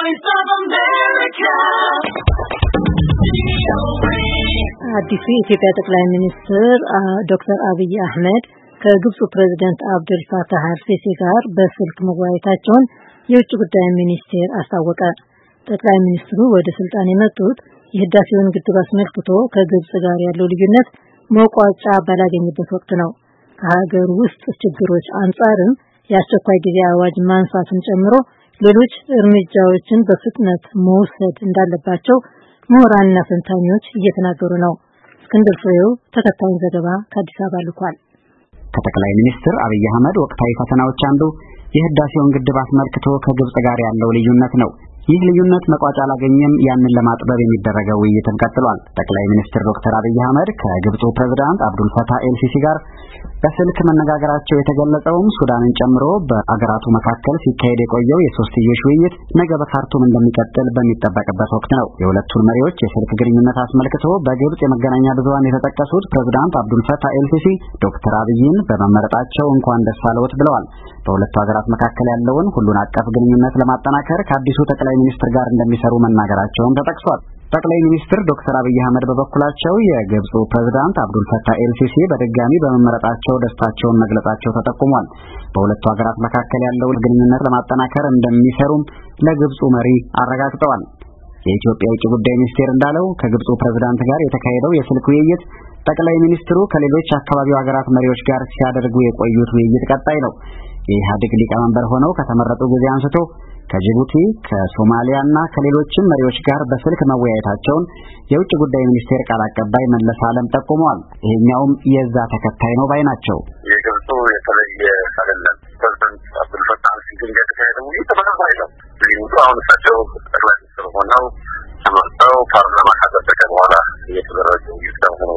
አዲሱ የኢትዮጵያ ጠቅላይ ሚኒስትር ዶክተር አብይ አህመድ ከግብፁ ፕሬዚደንት አብደል ፋታህ አልሲሲ ጋር በስልክ መወያየታቸውን የውጭ ጉዳይ ሚኒስቴር አስታወቀ። ጠቅላይ ሚኒስትሩ ወደ ስልጣን የመጡት የህዳሴውን ግድብ አስመልክቶ ከግብፅ ጋር ያለው ልዩነት መቋጫ ባላገኝበት ወቅት ነው። ከሀገር ውስጥ ችግሮች አንጻርም የአስቸኳይ ጊዜ አዋጅ ማንሳትን ጨምሮ ሌሎች እርምጃዎችን በፍጥነት መውሰድ እንዳለባቸው ምሁራንና ፈንታኞች እየተናገሩ ነው። እስክንድር ፍሬው ተከታዩን ዘገባ ከአዲስ አበባ ልኳል። ከጠቅላይ ሚኒስትር አብይ አህመድ ወቅታዊ ፈተናዎች አንዱ የህዳሴውን ግድብ አስመልክቶ ከግብጽ ጋር ያለው ልዩነት ነው። ይህ ልዩነት መቋጫ አላገኘም። ያንን ለማጥበብ የሚደረገው ውይይትም ቀጥሏል። ጠቅላይ ሚኒስትር ዶክተር አብይ አህመድ ከግብፁ ፕሬዝዳንት አብዱልፈታህ ኤልሲሲ ጋር በስልክ መነጋገራቸው የተገለጸውም ሱዳንን ጨምሮ በአገራቱ መካከል ሲካሄድ የቆየው የሶስትዮሽ ውይይት ነገ በካርቱም እንደሚቀጥል በሚጠበቅበት ወቅት ነው። የሁለቱን መሪዎች የስልክ ግንኙነት አስመልክቶ በግብፅ የመገናኛ ብዙሃን የተጠቀሱት ፕሬዝዳንት አብዱልፈታህ ኤልሲሲ ዶክተር አብይን በመመረጣቸው እንኳን ደስ አለዎት ብለዋል። በሁለቱ ሀገራት መካከል ያለውን ሁሉን አቀፍ ግንኙነት ለማጠናከር ከአዲሱ ጠቅላይ ጠቅላይ ሚኒስትር ጋር እንደሚሰሩ መናገራቸውም ተጠቅሷል። ጠቅላይ ሚኒስትር ዶክተር አብይ አህመድ በበኩላቸው የግብፁ ፕሬዝዳንት አብዱል ፈታ ኤልሲሲ በድጋሚ በመመረጣቸው ደስታቸውን መግለጻቸው ተጠቁሟል። በሁለቱ ሀገራት መካከል ያለውን ግንኙነት ለማጠናከር እንደሚሰሩም ለግብፁ መሪ አረጋግጠዋል። የኢትዮጵያ የውጭ ጉዳይ ሚኒስቴር እንዳለው ከግብፁ ፕሬዝዳንት ጋር የተካሄደው የስልክ ውይይት ጠቅላይ ሚኒስትሩ ከሌሎች አካባቢው ሀገራት መሪዎች ጋር ሲያደርጉ የቆዩት ውይይት ቀጣይ ነው። የኢህአዴግ ሊቀመንበር ሆነው ከተመረጡ ጊዜ አንስቶ ከጅቡቲ ከሶማሊያና ከሌሎችም መሪዎች ጋር በስልክ መወያየታቸውን የውጭ ጉዳይ ሚኒስቴር ቃል አቀባይ መለስ አለም ጠቁመዋል። ይሄኛውም የዛ ተከታይ ነው ባይ ናቸው። የግብፁ የተለየ አይደለም። ፕሬዚደንት አብዱልፈታህ ሲንግል የተካሄደው ውይይት ተመሳሳይ ነው። ልዩነቱ አሁን እሳቸው ጠቅላይ ሚኒስትር ሆነው ተመርጠው ፓርላማ ካጸደቀ በኋላ የተደረገ ውይይት ነው።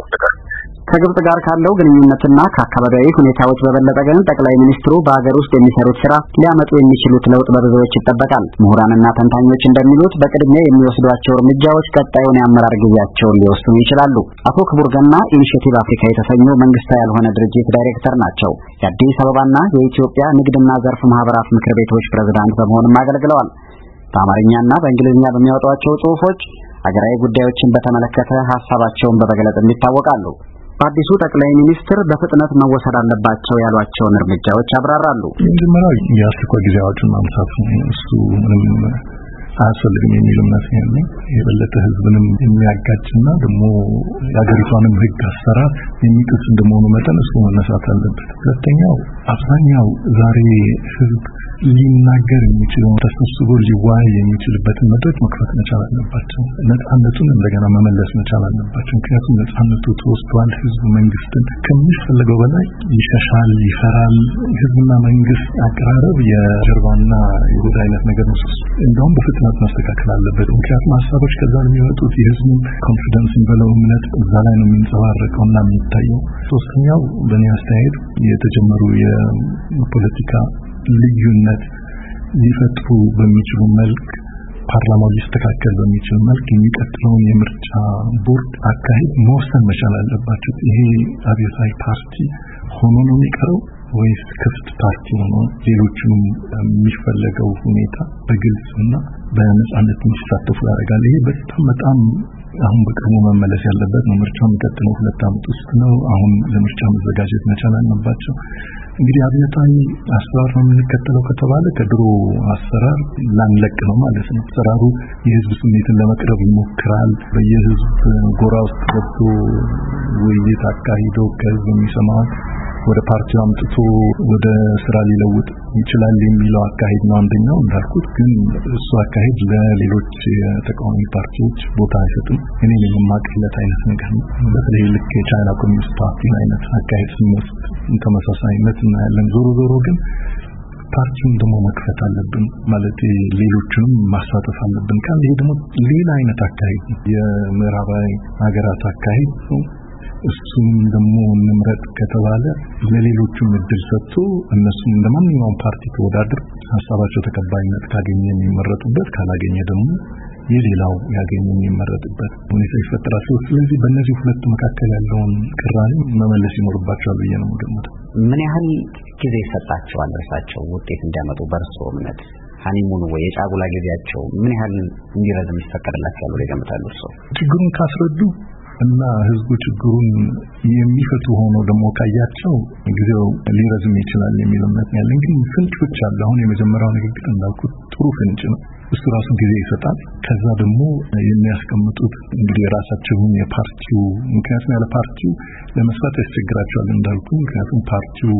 ከግብጽ ጋር ካለው ግንኙነትና ከአካባቢያዊ ሁኔታዎች በበለጠ ግን ጠቅላይ ሚኒስትሩ በሀገር ውስጥ የሚሰሩት ስራ ሊያመጡ የሚችሉት ለውጥ በብዙዎች ይጠበቃል። ምሁራንና ተንታኞች እንደሚሉት በቅድሚያ የሚወስዷቸው እርምጃዎች ቀጣዩን የአመራር ጊዜያቸውን ሊወስኑ ይችላሉ። አቶ ክቡር ገና ኢኒሽቲቭ አፍሪካ የተሰኘው መንግስታዊ ያልሆነ ድርጅት ዳይሬክተር ናቸው። የአዲስ አበባና የኢትዮጵያ ንግድና ዘርፍ ማህበራት ምክር ቤቶች ፕሬዝዳንት በመሆንም አገልግለዋል። በአማርኛና በእንግሊዝኛ በሚያወጧቸው ጽሁፎች ሀገራዊ ጉዳዮችን በተመለከተ ሀሳባቸውን በመግለጽም ይታወቃሉ። በአዲሱ ጠቅላይ ሚኒስትር በፍጥነት መወሰድ አለባቸው ያሏቸውን እርምጃዎች አብራራሉ። የመጀመሪያው የአስቸኳይ ጊዜ አዋጁን ማንሳት እሱ ምንም አያስፈልግም የሚል እምነት ያለ የበለጠ ህዝብንም የሚያጋጭና ደግሞ የሀገሪቷንም ህግ አሰራር የሚጥስ እንደመሆኑ መጠን እሱ መነሳት አለበት። ሁለተኛው አብዛኛው ዛሬ ህዝብ ሊናገር የሚችለው ተሰብስቦ ሊዋይ የሚችልበትን መድረክ መክፈት መቻል አለባቸው። ነጻነቱን እንደገና መመለስ መቻል አለባቸው። ምክንያቱም ነጻነቱ ተወስዷል። ህዝብ መንግስትን ከሚፈልገው በላይ ይሸሻል፣ ይፈራል። ህዝብና መንግስት አቀራረብ የጀርባና የሆድ አይነት ነገር ነው። እንደውም በፍጥነት በጽናት መስተካከል አለበት። ምክንያቱም ሀሳቦች ከዛ ነው የሚወጡት። የህዝቡ ኮንፊደንስ የሚበለው እምነት እዛ ላይ ነው የሚንጸባረቀው እና የሚታየው። ሶስተኛው በእኔ አስተያየት የተጀመሩ የፖለቲካ ልዩነት ሊፈጥሩ በሚችሉ መልክ ፓርላማው ሊስተካከል በሚችል መልክ የሚቀጥለውን የምርጫ ቦርድ አካሄድ መወሰን መቻል አለባቸው። ይሄ አብዮታዊ ፓርቲ ሆኖ ነው የሚቀረው ወይስ ክፍት ፓርቲ ሆኖ ሌሎችንም የሚፈለገው ሁኔታ በግልጽና በነጻነት የሚሳተፉ ያደርጋል። ይሄ በጣም በጣም አሁን በቅርቡ መመለስ ያለበት ነው። ምርጫው የሚቀጥለው ሁለት ዓመት ውስጥ ነው። አሁን ለምርጫ መዘጋጀት መቻል አለባቸው። እንግዲህ አብዮታዊ አሰራር ነው የምንከተለው ከተባለ ከድሮ አሰራር ላንለቅ ነው ማለት ነው። አሰራሩ የህዝብ ስሜትን ለመቅረብ ይሞክራል። በየህዝብ ጎራ ውስጥ ገብቶ ውይይት አካሂዶ ከህዝብ የሚሰማውን ወደ ፓርቲው አምጥቶ ወደ ስራ ሊለውጥ ይችላል የሚለው አካሄድ ነው አንደኛው። እንዳልኩት ግን እሱ አካሄድ ለሌሎች የተቃዋሚ ፓርቲዎች ቦታ አይሰጥም። እኔ የማቅለት አይነት ነገር ነው። በተለይ ልክ የቻይና ኮሚኒስት ፓርቲ አይነት አካሄድ ስንወስድ ተመሳሳይነት እናያለን። ዞሮ ዞሮ ግን ፓርቲውን ደግሞ መክፈት አለብን ማለት ሌሎችንም ማሳተፍ አለብን ካል ይሄ ደግሞ ሌላ አይነት አካሄድ የምዕራባዊ ሀገራት አካሄድ እሱም ደግሞ እንምረጥ ከተባለ ለሌሎቹም እድል ሰጥቶ እነሱም እንደ ማንኛውም ፓርቲ ተወዳድር ሀሳባቸው ተቀባይነት ካገኘ የሚመረጡበት፣ ካላገኘ ደግሞ የሌላው ያገኘ የሚመረጥበት ሁኔታ ይፈጠራል። ስለዚህ በእነዚህ ሁለት መካከል ያለውን ቅራኔ መመለስ ይኖርባቸዋል ብዬ ነው የምገምተው። ምን ያህል ጊዜ ይሰጣቸዋል እርሳቸው ውጤት እንዲያመጡ በእርሶ እምነት? ሀኒሙን ወይ የጫጉላ ጊዜያቸው ምን ያህል እንዲረዝም ይፈቀድላቸዋል ብለው ይገምታሉ እርሶ? ችግሩን ካስረዱ እና ህዝቡ ችግሩን የሚፈቱ ሆኖ ደግሞ ካያቸው ጊዜው ሊረዝም ይችላል የሚል እምነት ነው ያለኝ። ግን ፍንጮች አለ። አሁን የመጀመሪያው ንግግር እንዳልኩት ጥሩ ፍንጭ ነው። እሱ ራሱ ጊዜ ይሰጣል። ከዛ ደግሞ የሚያስቀምጡት እንግዲህ የራሳቸውን የፓርቲው ምክንያቱም ያለ ፓርቲው ለመስራት ያስቸግራቸዋል እንዳልኩ ምክንያቱም ፓርቲው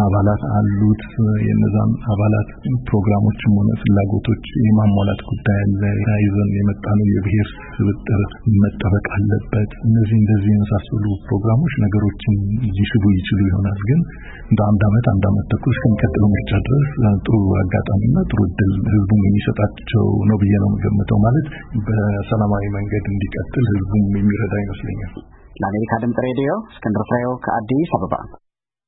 አባላት አሉት። የነዛም አባላት ፕሮግራሞችም ሆነ ፍላጎቶች የማሟላት ጉዳይ አለ። ተያይዘን የመጣ ነው። የብሔር ስብጥር መጠበቅ አለበት። እነዚህ እንደዚህ የመሳሰሉ ፕሮግራሞች ነገሮችን ሊስቡ ይችሉ ይሆናል። ግን እንደ አንድ አመት አንድ ዓመት ተኩል እስከሚቀጥለው ምርጫ ድረስ ጥሩ አጋጣሚና ጥሩ እድል ህዝቡም የሚሰጣቸው ነው ብዬ ነው የምገምተው። ማለት በሰላማዊ መንገድ እንዲቀጥል ህዝቡም የሚረዳ ይመስለኛል። ለአሜሪካ ድምጽ ሬዲዮ እስክንድር ፍሬው ከአዲስ አበባ